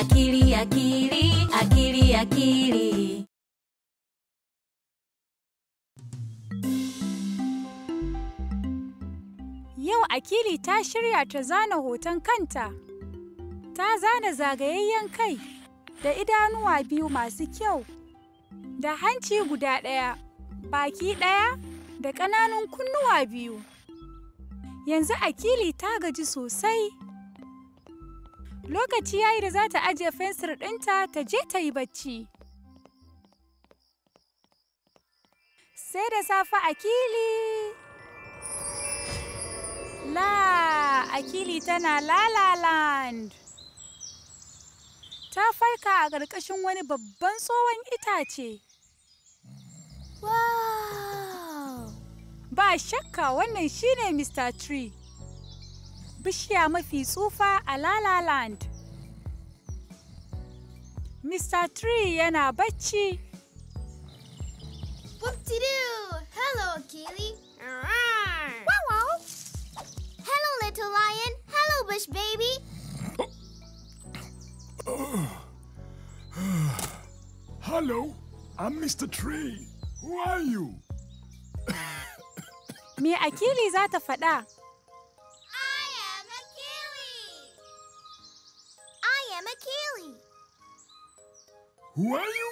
akili akili akili akili Yau Akili ta shirya ta zana hoton kanta. Ta zana zagayayyen kai da idanuwa biyu masu kyau, da hanci guda ɗaya, baki ɗaya da ƙananun kunnuwa biyu. Yanzu Akili ta gaji sosai. Lokaci ya yi da za ta ajiye fensir ɗinta ta je ta yi bacci. Sai da safe Akili! La! Akili tana lalaland! Ta farka a ƙarƙashin wani babban tsohon itace. Wow! Ba shakka wannan shine Mr. Tree. bishiya mafi tsufa a Lala Land. Mr. Tree yana bacci. Whoop-de-doo! Hello, Keely. Wow, wow. Hello, little lion. Hello, bush baby. Hello, I'm Mr. Tree. Who are you? Me Akili za ta Akili. Who are you?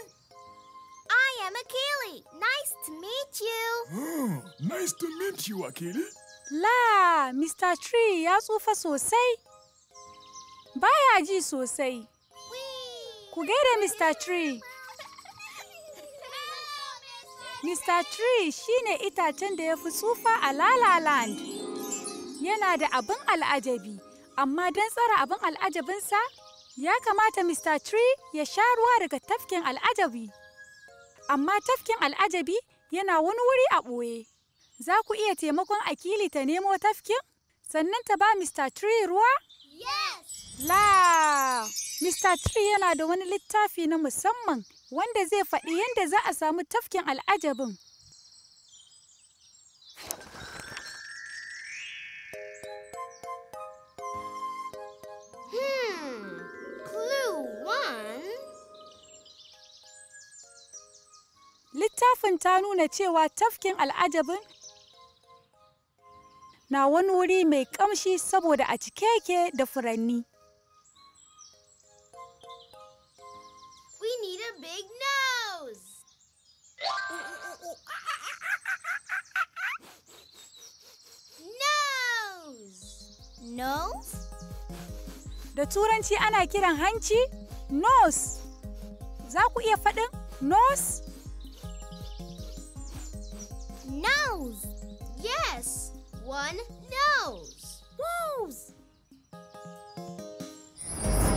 I am Akili. Nice to meet you. Oh, nice to meet you, Akili. La, Mr. Tree ya tsufa sosai. Baya ji sosai. Ku gaida Mr. Tree. Mr. Tree shine itacen da ya fi tsufa a Lala Land. Yana da abin al'ajabi, amma don tsara abin al'ajabinsa Ya kamata Mr. Tree ya sha ruwa daga tafkin al'ajabi. Amma tafkin al'ajabi yana wani wuri a ɓoye. Za ku iya taimakon Akili ta nemo tafkin? Sannan ta ba Mr. Tree ruwa? Yes! La! Mr. Tree yana da wani littafi na musamman wanda zai faɗi yadda za a samu tafkin al'ajabin. littafin ta nuna cewa tafkin al'ajabin na wani wuri mai ƙamshi saboda a cike yake da furanni. We need a big nose! nose! Nose? Da turanci ana kiran hanci, nose. Za ku iya faɗin nose? nose. Yes, one nose. Woos!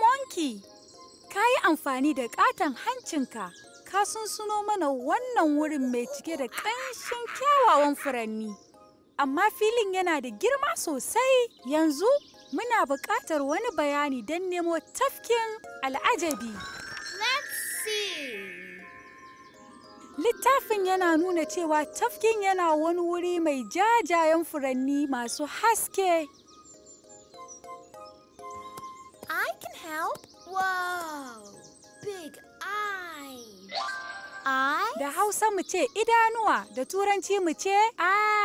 Monkey, amfani da ƙaton hancinka ka sunsuno mana wannan wurin mai cike da ƙanshin kyawawan furanni. amma filin yana da girma sosai yanzu muna buƙatar wani bayani don nemo tafkin al'ajabi. Littafin yana nuna cewa tafkin yana wani wuri mai jajayen furanni masu haske. I can help. Wow! eyes? Da Hausa mu ce idanuwa, da Turanci mu ce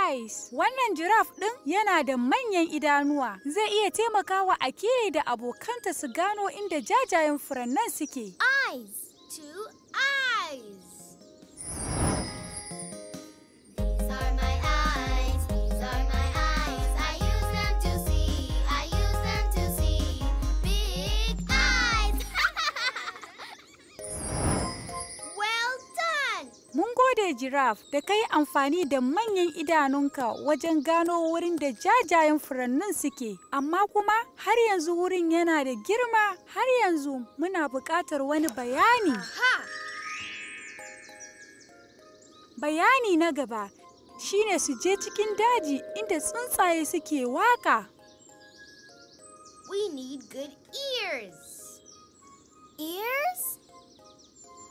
eyes. Wannan giraffe ɗin yana da manyan idanuwa. Zai iya taimakawa a Akili da abokanta su gano inda jajayen furannan suke. Eyes, two eyes. giraffe da ka yi amfani da manyan idanunka wajen gano wurin da jajayen furannin suke amma kuma har yanzu wurin yana da girma har yanzu muna buƙatar wani bayani bayani na gaba shine su je cikin daji inda tsuntsaye suke waka We need good ears. Ears?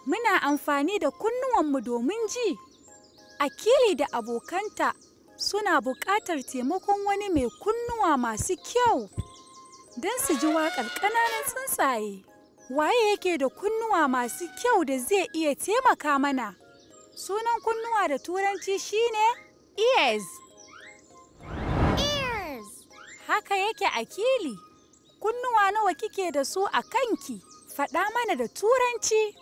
muna amfani da kunnuwanmu domin ji. Akili da abokanta suna buƙatar taimakon wani mai kunnuwa masu kyau don su ji waƙar ƙananan tsuntsaye. Waye yake da kunnuwa masu kyau da zai iya taimaka mana? Sunan kunnuwa da turanci shine ears. Ears. Haka yake akili. Kunnuwa nawa kike da su a kanki? Faɗa mana da turanci.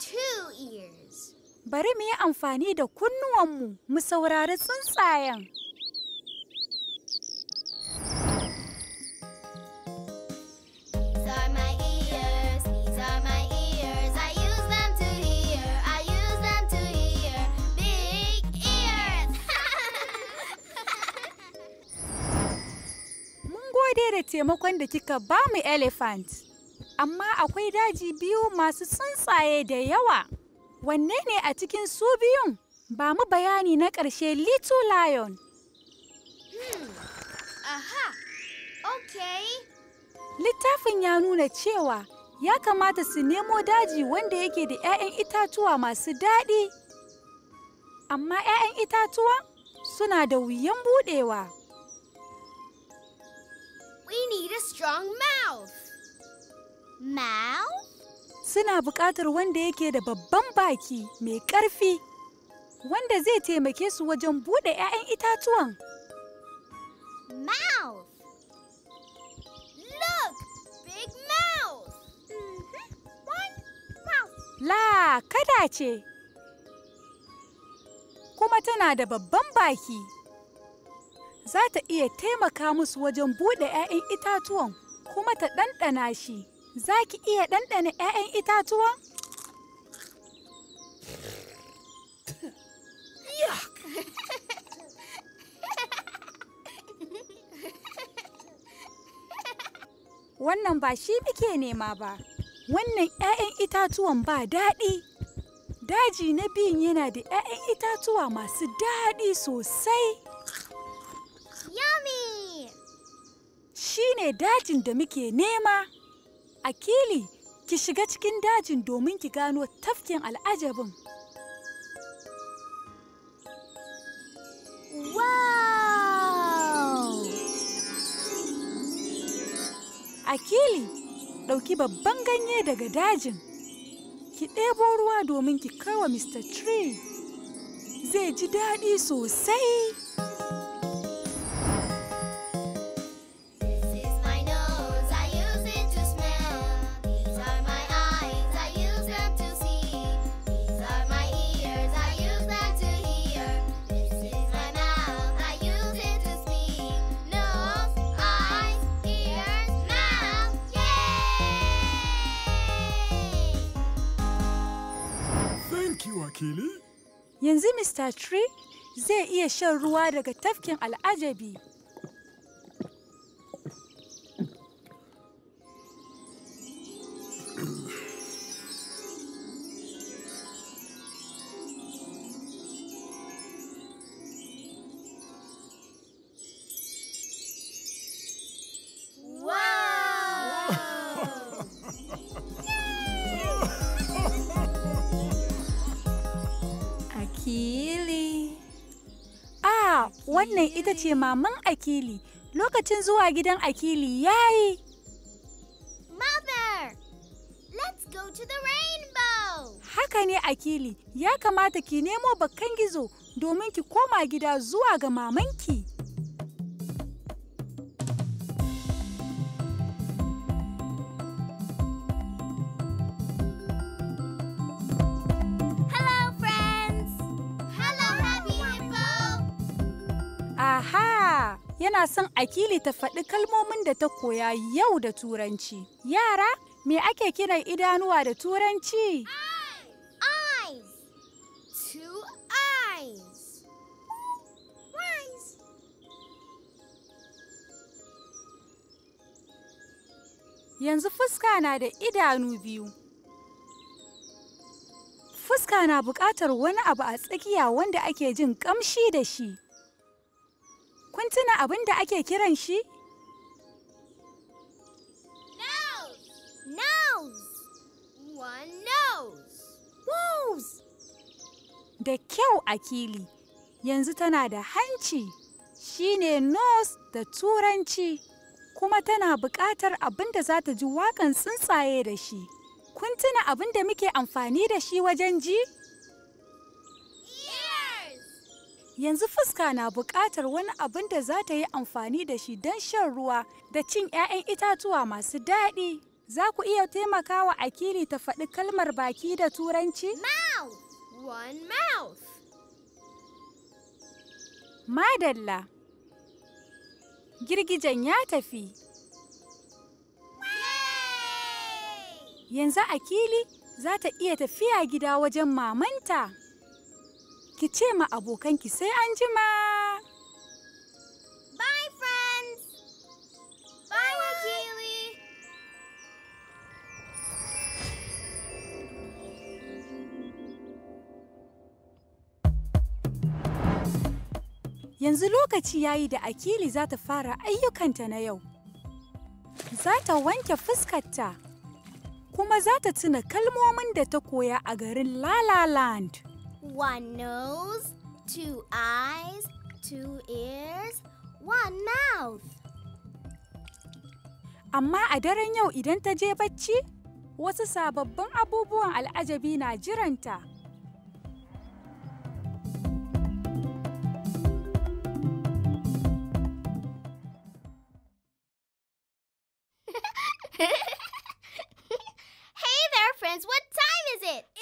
two ears. Bari mu yi amfani da kunnuwanmu mu saurari tsuntsayen. Mun gode da taimakon da kika ba mu elephant. amma akwai daji biyu masu tsuntsaye da yawa. Wanne ne a cikin su biyun? Ba mu bayani na ƙarshe Little Lion. Hmm, Littafin ya nuna cewa ya kamata su nemo daji wanda yake da 'ya'yan itatuwa masu daɗi. Amma 'ya'yan itatuwa suna da wuyan buɗewa. We strong mouth. Mouth? Suna buƙatar wanda yake da babban baki mai ƙarfi wanda zai taimake su wajen buɗe 'ya'yan itatuwan. Mouth! Look! Big mouth! Mm-hmm. One mouth! La, kada ce! Kuma tana da babban baki. Za ta iya taimaka musu wajen buɗe 'ya'yan itatuwan kuma ta ɗanɗana shi. za ki iya ɗanɗana 'ya'yan itatuwan? Wannan ba shi muke nema ba, wannan 'ya'yan itatuwan ba daɗi. Daji na biyun yana da 'ya'yan itatuwa masu daɗi sosai. Yummy! Shi ne dajin da muke nema. Akili, ki shiga cikin dajin domin ki gano tafkin al'ajabin. Akili, ɗauki babban ganye daga dajin. Ki ɗebo ruwa domin ki kawo Mr. Tree. Zai ji daɗi sosai. Yanzu Mr. Tree zai iya shan ruwa daga tafkin al'ajabi. Akili. A, wannan ita ce maman Akili. Lokacin zuwa gidan Akili ya yi. Mother, let's go to the rainbow. Haka ne Akili, ya kamata ki nemo bakkan gizo domin ki koma gida zuwa ga mamanki. tana son akili ta faɗi kalmomin da ta koya yau da turanci. Yara, me ake kiran idanuwa da turanci? Yanzu fuska na da idanu biyu. Fuska na buƙatar wani abu a tsakiya wanda ake jin ƙamshi da shi. tuna abin da ake kiran shi? Da kyau akili, yanzu tana da hanci, shi ne nose da turanci, kuma tana buƙatar abin da za ta ji waƙan tsuntsaye da shi. Kun tuna abin da muke amfani da shi wajen ji? yanzu fuska na buƙatar wani abin da za ta yi amfani da shi don shan ruwa da cin 'ya'yan itatuwa masu daɗi. Za ku iya taimakawa Akili ta faɗi kalmar baki da Turanci? Mouth! One mouth! Madalla! Girgijen ya tafi. Yanzu Akili za ta iya tafiya gida wajen mamanta. ki ce ma abokanki sai an jima. Bye friends! Bye, Yanzu lokaci yayi da Akili za ta fara ayyukanta na yau. Za ta wanke fuskarta, kuma za ta tuna kalmomin da ta koya a garin La La Land. One nose, two eyes, two ears, one mouth. Amma a daren yau idan ta je bacci, wasu sababbin abubuwan al'ajabi na jiranta. hey there, friends, what time is it?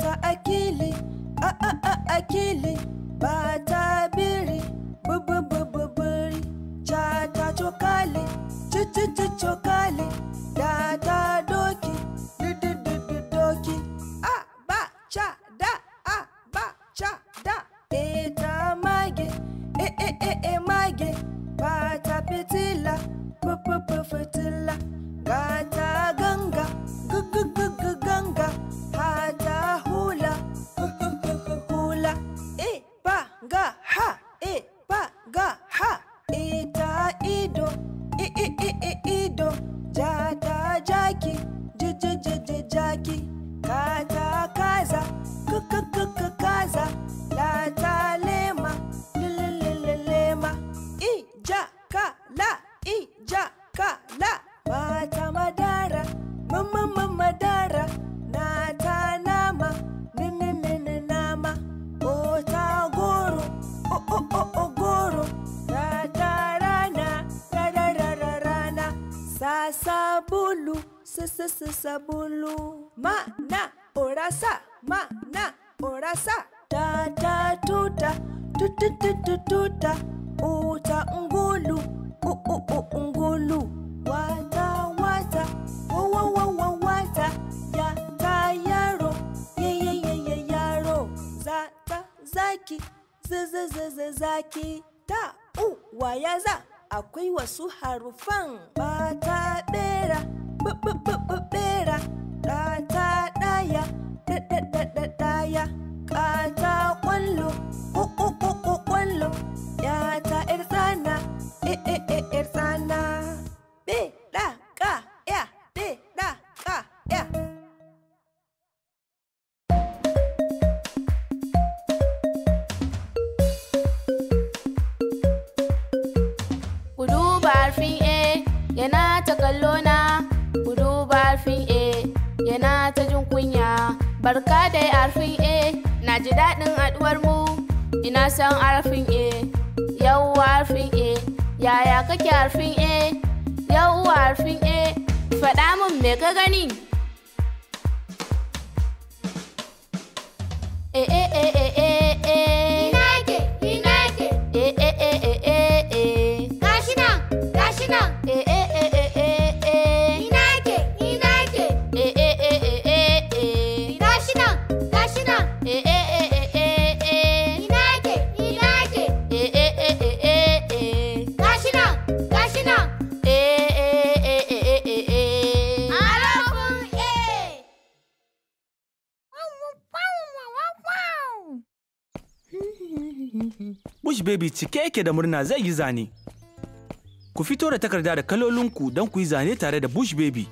ba akili a a a akili bata. ki ta u waya za akwai wasu harufan ba ta bera bera ta ta daya da da da daya ka ta kwallo yana ta kallo na ku ba arfin a yana ta jin kunya barka da arfin a na ji daɗin haɗuwar mu ina san arfin a yau arfin a yaya kake arfin a yau arfin a faɗa min me ka gani baby cike yake da murna zai yi zane. Ku fito da takarda da kalolinku don ku yi zane tare da bush baby.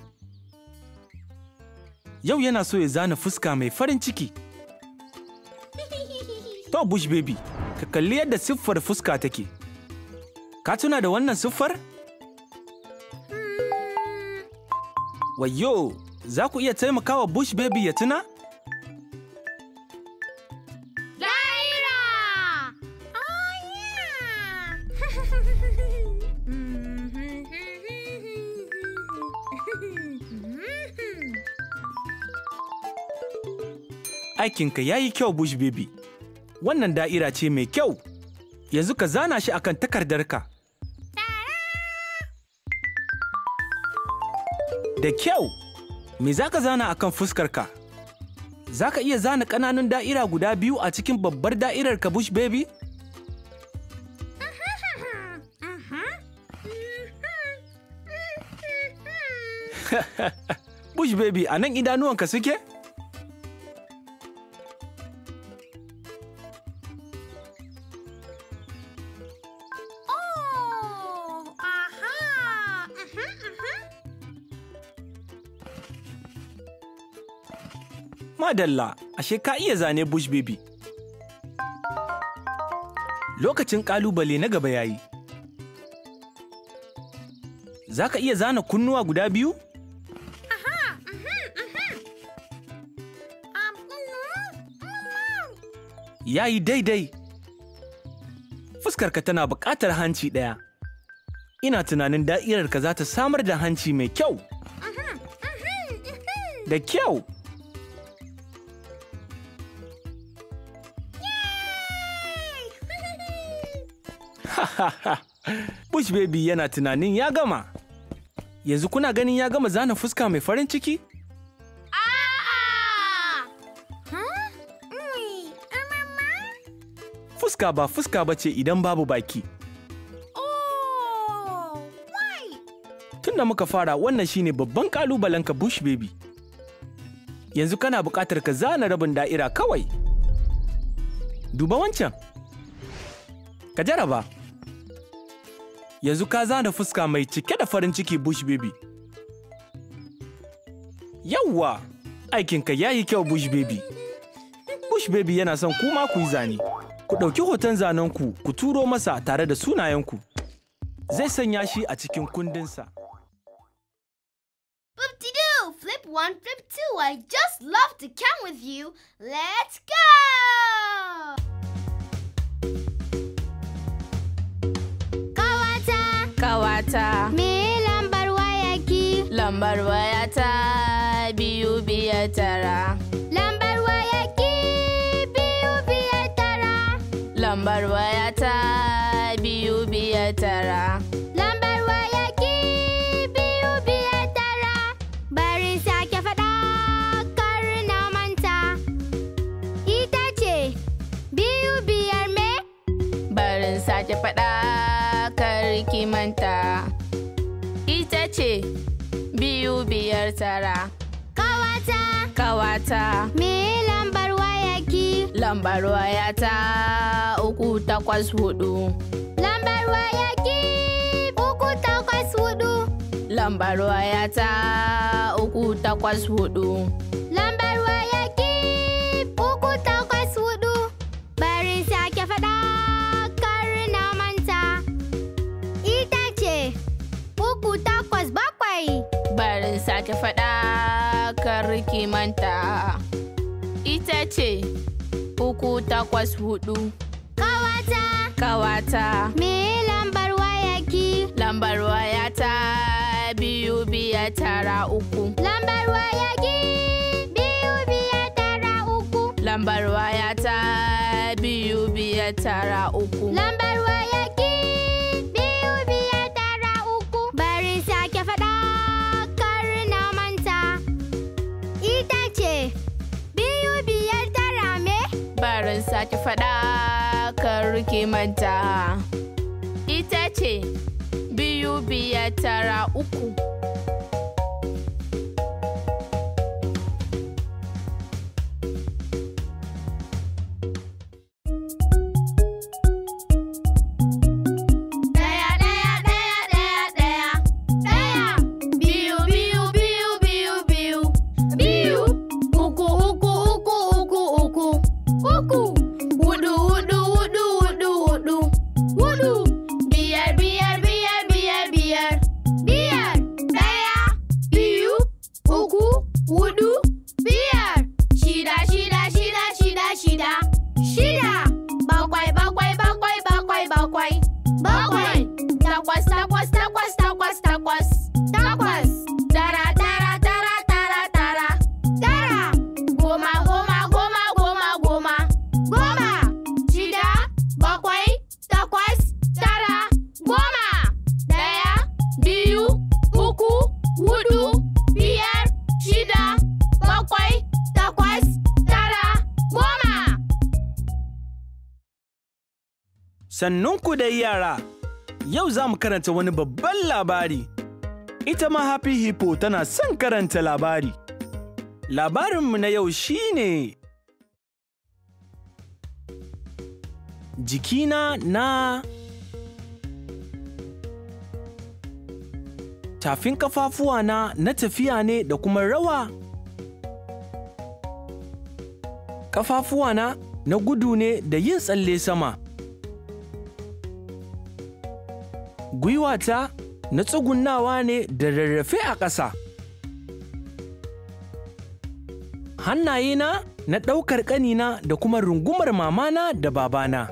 Yau yana so ya zana fuska mai farin ciki. To bush baby, ka kalli yadda siffar fuska take. Ka tuna da wannan siffar? Wayo, za ku iya taimakawa bush baby ya tuna? Aikinka ya yi kyau Bush Baby. Wannan da'ira ce mai kyau. Yanzu ka zana shi akan takardarka. Da kyau, me za ka zana akan fuskarka? Za ka iya zana ƙananun da'ira guda biyu a cikin babbar da'irar ka Bush Baby? Bush baby, a nan idanuwanka suke? Oh, Madalla, ashe ka iya zane Bush baby. Lokacin ƙalubale na gaba yayi. Za ka iya zana kunnuwa guda biyu? ya yi daidai. Fuskarka tana buƙatar hanci ɗaya. Ina tunanin da'irarka za ta samar da hanci mai kyau. Da kyau. Bush baby yana tunanin ya gama. Yanzu kuna ganin ya gama zana fuska mai farin ciki? fuska ba fuska ba ce idan babu baki. Oh, Tunda muka fara wannan shine babban kalubalen ka bush baby. Yanzu kana buƙatar ka zana rabin da'ira kawai. Duba wancan. Ka jaraba. Yanzu ka zana fuska mai cike da farin ciki bush baby. Yawwa! Aikinka ya yi kyau bush baby. Bush baby yana son kuma ku yi zane. Ku ɗauki hoton zanenku ku turo masa tare da sunayenku. Zai sanya shi a cikin kundinsa. flip Flip one, flip two. I just love to come with you. Let's go! Kawata! Kawata! Me lambar wayaki? Lambar wayata biyu biyar tara. lambar waya ta biyu biya tara lambar waya ki biyu biya tara bari sake faɗa kar na manta ita ce biyu biyar me barin sake faɗa kar ki manta ita ce biyu biyar tara kawata kawata me lambar ya ta uku takwas hudu. Lambar waya ki uku takwas hudu. Lambar waya ta uku takwas hudu. Lambar waya ki uku takwas hudu. Bari sake faɗa kar na manta. Ita ce uku takwas bakwai. Bari sake faɗa kar ki manta. Ita ce. uku takwas hudu. Kawata. Kawata. Me lambar wayaki? Lambar wayata Biubi ya tara uku. Lambar wayaki Biubi ya tara uku. Lambar wayata Biubi ya tara uku. Lambar wayaki. ki faɗa ka rike manta ita ce biyu biya tara uku Sannunku da yara, yau za mu karanta wani babban labari. Ita ma Happy Hippo tana son karanta labari. Labarinmu na yau shi ne Jikina na Tafin kafafuwana na tafiya ne da kuma rawa. ƙafafuwana na gudu ne da yin tsalle sama. gwiwata na tsugunnawa ne da rarrafe a ƙasa. Hannayena na ɗaukar ƙanina da kuma rungumar mamana da babana.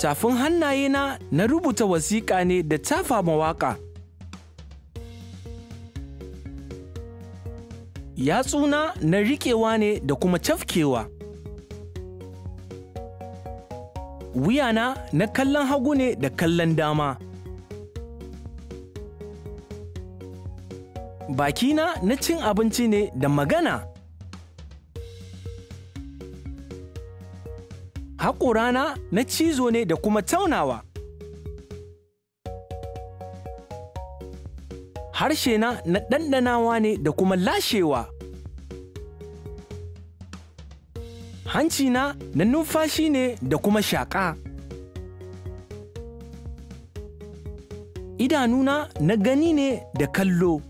Tafin hannayena na rubuta wasiƙa ne da tafa mawaƙa. Yatsuna na riƙewa ne da kuma cafkewa. wuyana na kallon hagu ne da kallon dama. Bakina na cin abinci ne da magana. Haƙorana na cizo ne da kuma taunawa. Harshena na ɗanɗanawa ne da kuma lashewa. hanci na na numfashi ne da kuma shaƙa. Idanuna na gani ne da kallo.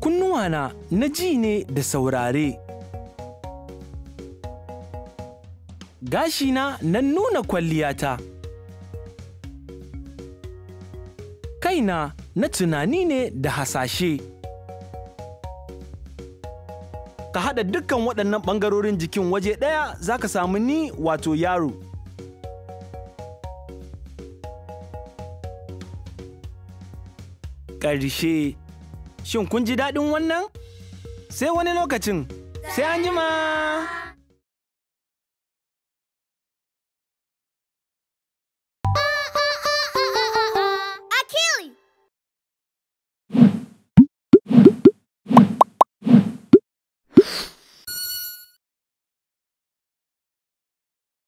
Kunnuwana na ji ne da saurare. Gashina na nuna kwalliyata. Kaina na tunani ne da hasashe. ka haɗa dukkan waɗannan ɓangarorin jikin waje ɗaya za ka samu ni wato yaro. Ƙarshe, shin kun ji daɗin wannan? Sai wani lokacin, sai an jima!